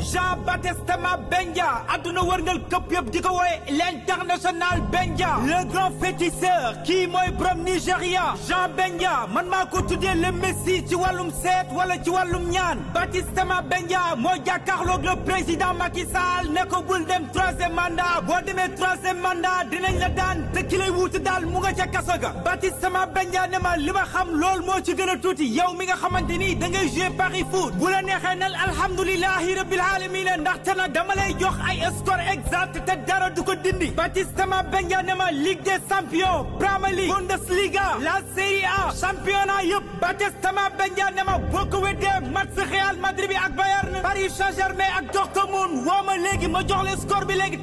Jean Baptiste Benja adduna wërngal këpp yëpp di ko wooye l'international Benja le grand féticheur kii mooy borom Nigéria Jean Benja man maa ko tuddee le messie ci wàllum seet wala ci wàllum ñaan Baptiste Benja moo jàkkaarloog le président Macky Sall ne ko bul dem troisième mandat boo demee troisième mandat dinañ la daan te ki lay mu nga ca kaso ga Baptiste Benja ne ma li xam lool moo ci gën a tuuti yow mi nga xamante ni da ngay jouer Paris foot bu la neexee aalamiina ndaxte nag dama lay jox ay score exact te dara du ko dindi Batistama Benyanema Ligue des champions Premier League Bundesliga la Serie A championnat yëpp Batistama Benyanema boo ko weddee match Real Madrid bi ak Bayern léegi ma jox la score bi léegi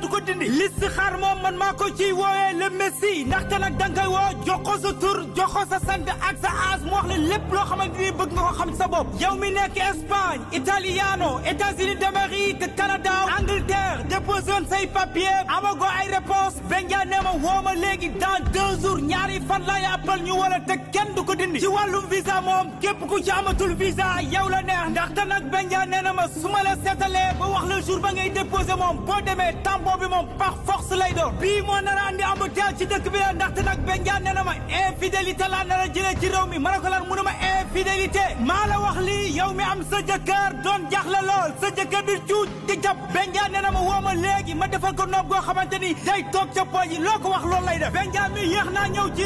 du ko dindi listixaar moom man maa ko ciy woowee le Messi ndaxte nag da nga koy woo jox ko sa tur jox ko ak sa aas mu wax la loo xamante ni bëgg nga ko xam sa bopp nekk Espagne italiano États-Unis d'Amérique Canada Angleterre déposé woon say papier amagoo ay réponse Benja nee ma woo ma léegi dans deux jours ñaari fan laay appal ñu wala te kenn du ko dindi ci wàllum visa moom képp ku amatul visa yow neex ndaxte nag Benja na ma su ma la seetalee ba wax le ba ngay déposé moom boo demee tampon bi moom par force lay doon bii moo nar a andi embouteillage ci dëkk bi la ndaxte nag Benja nee na ma infidélité laa nar a jëlee ci réew mi ma ne ko lan mu ne ma infidélité maa la wax lii am sa jëkkër doon jaxle lool sa jëkkër di cuuj di jàpp benjaan ma woo ma léegi ma defal ko noob goo xamante ni day toog ca pooj yi loo ko wax loolu lay def benjaan mi yéex naa ñëw ci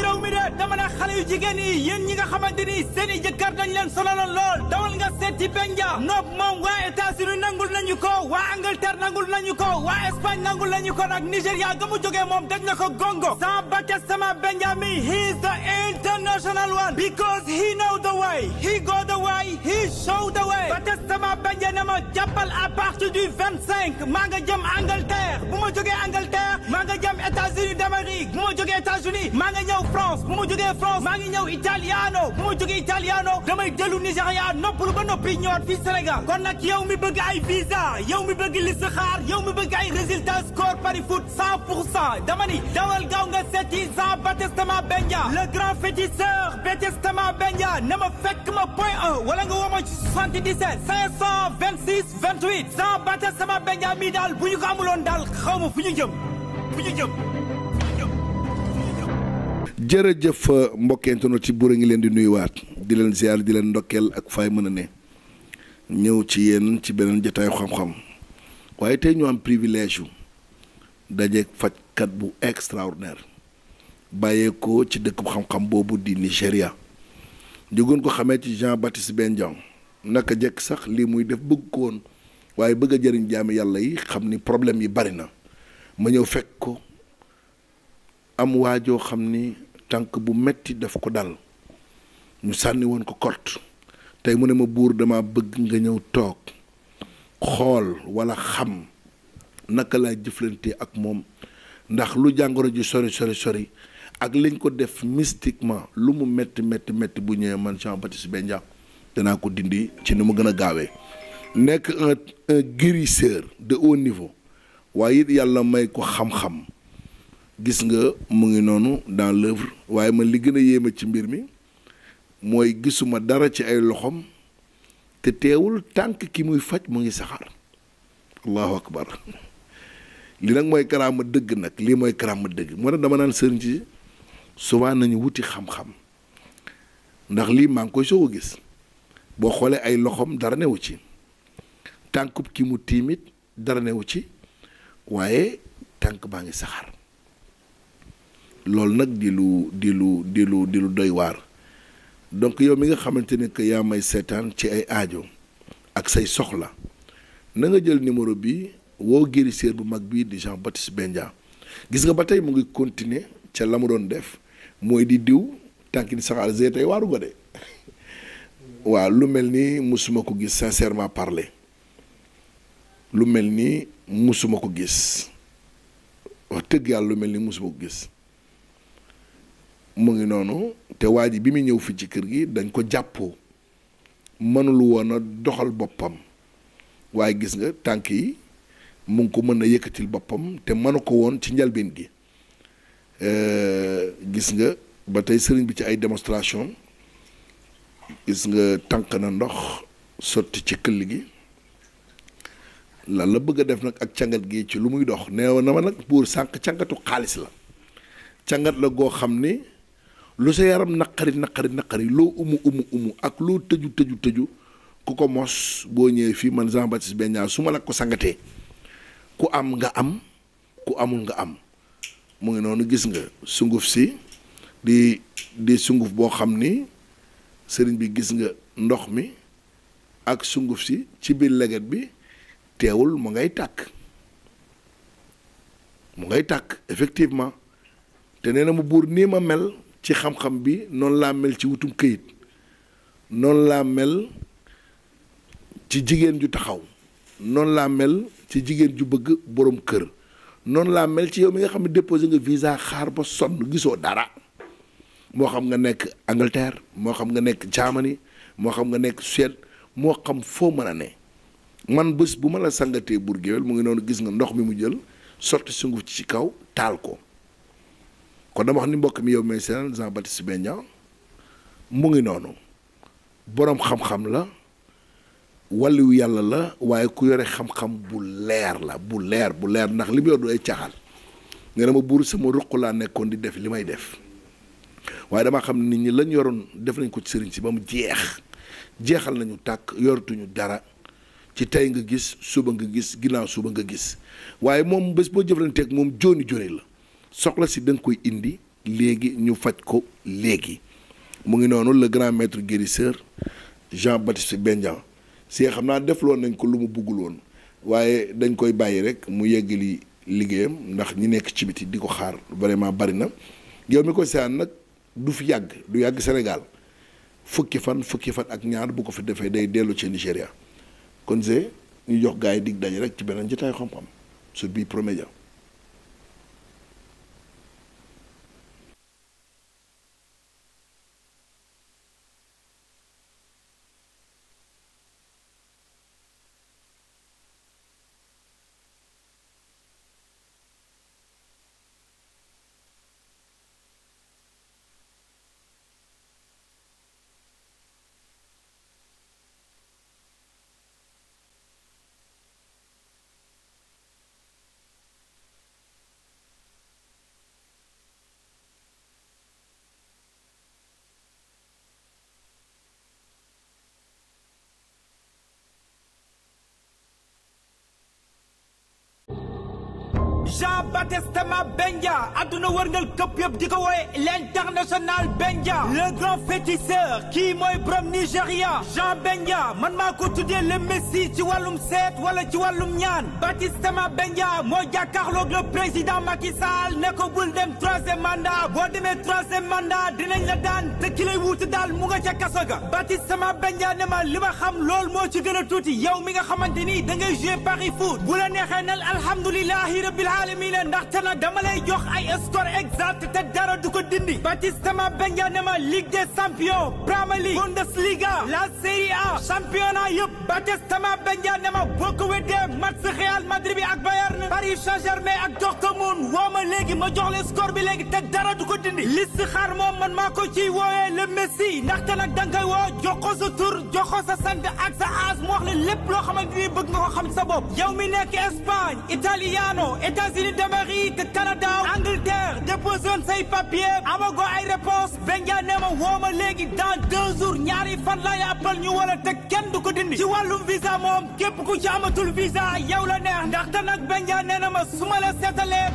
dama ne xale yu jigéen yi yéen ñi nga xamante ni seen i jëkkër dañ leen sonaloon lool dawal nga seet ci noob moom waa États-Unis nangul nañu ko waa Angleterre nangul nañu ko waa Espagne nangul nañu ko nag Nigéria ga mu moom dañ na ko gongo sama bacca sama benjaan mi he is the international one because he know the he showed the way. ba testament benjee ma jàppal à partir du maa nga jëm Angleterre bu ma jógee Angleterre maa nga jëm États-Unis d'Amérique bu ma jógee États-Unis maa nga ñëw France bu ma jógee France maa ngi ñëw Italiano bu ma jógee Italiano damay dellu Nigéria noppalu ba noppi ñëwaat fii Sénégal kon nag yow mi bëgg ay visa yow mi bëgg listixaar yow mi bëgg ay résultats score pari foot 100 dawal gaaw nga seeti Jean Baptiste Benja le grand féticheur Baptiste Benja na ma fekk wala nga woo ma ci 77 ci buur a ngi leen di nuyuwaat di leen ziar di leen ndokkeel ak faay mën a ne ñëw ci yéen ci beneen jotaayu xam-xam waaye tey ñu am privilège yu dajeeg fajkat bu extraordinaire bàyyeekoo ci dëkk xam-xam boobu di Nigéria ñu gën ko xamee ci Jean Baptiste Bendian naka jekk sax lii muy def bëgg ko woon waaye bëgg a jëriñ jaami yàlla yi xam ni problème yi bari na ma ñëw fekk ko am waajoo xam ni tànk bu metti daf ko dal ñu sànni woon ko kort tey mu ne ma buur dama bëgg nga ñëw toog xool wala xam naka lay jëflante ak moom ndax lu jàngoro ji sori sori sori ak liñ ko def mystiquement lu mu métti metti metti bu ñëwee man Jean Baptiste Bendia danaa ko dindi ci ni mu gën a gaawee nekk un un guérisseur de haut niveau waaye it yàlla may ko xam-xam gis nga mu ngi noonu dans l'œuvre waaye man li gën a yéeme ci mbir mi mooy gisuma dara ci ay loxoom te teewul tànk ki muy faj mu ngi saxaar allahu akbar li nag mooy karaama dëgg nag lii mooy karaama dëgg moo tax dama naan sëriñ ci souvent nañu wuti xam-xam ndax lii maa ngi koy soog a gis boo xoolee ay loxoom dara newu ci tànkub ki mu tiimit dara newu ci waaye tànk baa ngi saxaar loolu nag di lu di lu di lu di doy waar donc yow mi nga xamante ne que yaa may seetaan ci ay aajo ak say soxla na nga jël numéro bi woo guérisseur bu mag bi di Jean Baptiste Bendia gis nga ba tey mu ngi continuer ca la mu doon def mooy di diw tànki di saxaar g tey waaru de waaw lu mel ni musuma ko gis sincèrement parler lu mel ni musuma ko gis wax tëgg yàlla lu mel ni musuma ko gis mu ngi noonu te waa ji bi mu ñëw fii ci kër gi dañ ko jàppoo mënul woon doxal boppam waaye gis nga tànk yi mu ngi ko mën a yëkkatil boppam te mënu ko woon ci njalbeen gi Euh, gis nga ba tey sëriñ bi ci ay démonstration gis nga tànk na ndox sotti ci këll gi lan la bëgg a def nag ak cangat gi ci lu muy dox neew na ma nag buur sànq cangatu xaalis la cangat la goo xam ni lu sa yaram naqari naqari naqari loo umu umu umu ak loo tëju tëju tëju ku ko mos boo ñëwee fii man Jean Baptiste Beñaar su ma la ko sangatee ku am nga am ku amul nga am mu ngi noonu gis nga sunguf si di di sunguf boo xam ni sëriñ bi gis nga ndox mi ak sunguf si ci biir leget bi teewul mu ngay tàkk mu ngay tàkk effectivement te nee na mu buur nii ma mel ci xam-xam bi noonu laa mel ci wutum kayit noonu laa mel ci jigéen ju taxaw noonu laa mel ci jigéen ju bëgg boroom kër noonu laa mel ci yow mi nga xam ne déposé nga visa xaar ba sonn gisoo dara moo xam nga nekk Angleterre moo xam nga nekk Germany moo xam nga nekk Suède moo xam foo mën a ne man bés bu ma la sangatee buur mu ngi noonu gis nga ndox mi mu jël sotti sunguf ci kaw taal ko kon dama wax ni mbokk mi yow may seen Jean Baptiste Bendian mu ngi noonu boroom xam-xam la walliw yàlla la waaye ku yore xam-xam bu leer la bu leer bu leer ndax li mu yor du ay caaxaan nga ne buur sama ruq laa nekkoon di def li may def waaye damaa xam nit ñi lañ yoroon def nañ ko ci sëriñ si ba mu jeex jeexal nañu tàkk yoratuñu dara ci tey nga gis suba nga gis ginnaaw suba nga gis waaye moom bés boo jëflanteeg moom jooni jooni la soxla si da koy indi léegi ñu faj ko léegi mu ngi noonu la grand maître guérisseur Jean Baptiste Bendian si xam naa defloon nañ ko lu mu buggul woon waaye dañ koy bàyyi rek mu yegg li liggéeyam ndax ñi nekk ci biti di ko xaar vraiment bari na yow mi ko saan nag du fi yàgg du yàgg Sénégal fukki fan fukki fan ak ñaar bu ko fi defee day dellu ci Nigéria kon se ñu jox gars yi dig daje rek ci beneen jotaay xam-xam sur bii Promedia Jean Baptiste Mabendia adduna wërngal këpp yëpp di ko wooye l'international Bendia le grand féticheur kii mooy borom Nigéria Jean Bendia man maa ko tuddee le messie ci wàllum seet wala ci wàllum ñaan Baptiste Mabendia moo jàkkaarloog le président Macky Sall ne bul dem troisième mandat boo demee troisième mandat dinañ la daan të ki lay daal mu nga ca kaso ga Baptiste Mabendia ne ma li ma xam loolu moo ci gën tuuti yow mi nga xamante ni da ngay jouer Paris foot neexee nal aalami la ndaxte nag dama lay jox ay score exact te ko dindi Batistama Benyanema Ligue des champions Bundesliga la Serie A championnat yëpp Batistama Benyanema boo ko weddee match Real Madrid bi ak Bayern Paris saint ak Dortmund woo léegi ma jox la score bi léegi te dara du ko dindi liste xaar man maa ko ciy woowee le Messi ndaxte nag da nga koy woo jox tur jox ko sant ak sa aas mu la lépp loo xamante ni bëgg nga ko xam sa mi nekk Espagne italiano États-Unis d'Amérique Canada Angleterre déposé woon say papier amago ay réponse Benja nee ma woo ma léegi dans deux jours ñaari fan laay appel ñu wala te kenn du ko dindi ci wàllum visa moom képp ku ci amatul visa yow la neex ndaxte nag Benja nee na ma su ma la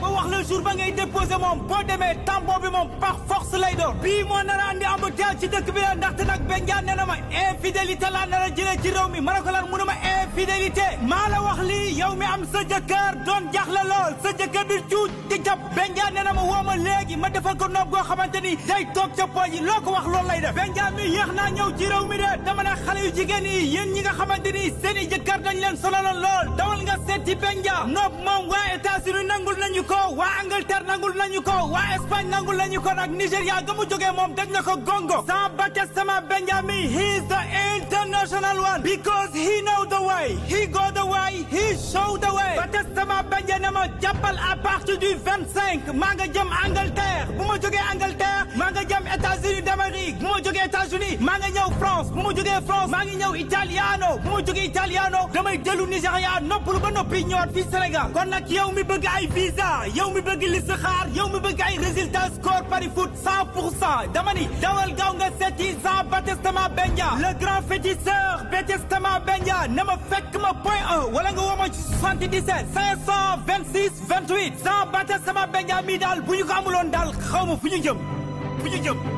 ba wax le jour ba déposé moom boo demee temps boobu moom par force lay doon bii moo nar a andi embouteillage ci dëkk bi la ndaxte nag Benja ma infidélité laa nar a ci réew mi ko lan mu ma infidélité maa la wax lii am sa doon jaxle lool sa jëkkër di cuuj di jàpp benjaan nee na ma woo ma léegi ma defal ko noob goo xamante ni day toog ca pooy yi loo ko wax loolu lay def benjaan mi yéex naa ñëw mi de dama ne xale yu jigéen yi yéen ñi nga xamante ni i jëkkër dañ leen sonaloon lool dawal nga seeti benjaan noob moom waa états nangul nañu ko waa Angleterre nangul nañu ko waa Espagne ga mu jógee moom dañ na ko gongo sans bates sama benjaan mi he is da international one because he know the way he go jàppal à partir du 25 maa a jëm Angleterre bu ma jógee Angleterre maa nga jëm États-Unis d'Amérique bu ma jógee États-Unis maa ngi ñëw France bu ma jógee France maa ngi ñëw Italiano bu ma jógee Italiano damay dellu Nigéria noppalu ba noppi ñëwaat fii Sénégal kon nag yow mi bëgg ay visa yow mi bëgg listixaar yow mi bëgg ay résultat score pari foot 100 pour cent dama ni dawal gaaw nga seeti Jean Baptistama Bendia le grand féticheur Baptistama Bendia na ma fekk ma point 1 wala nga woo ma ci 77 526 28 Jean Baptistama mi daal bu daal xaw ma fu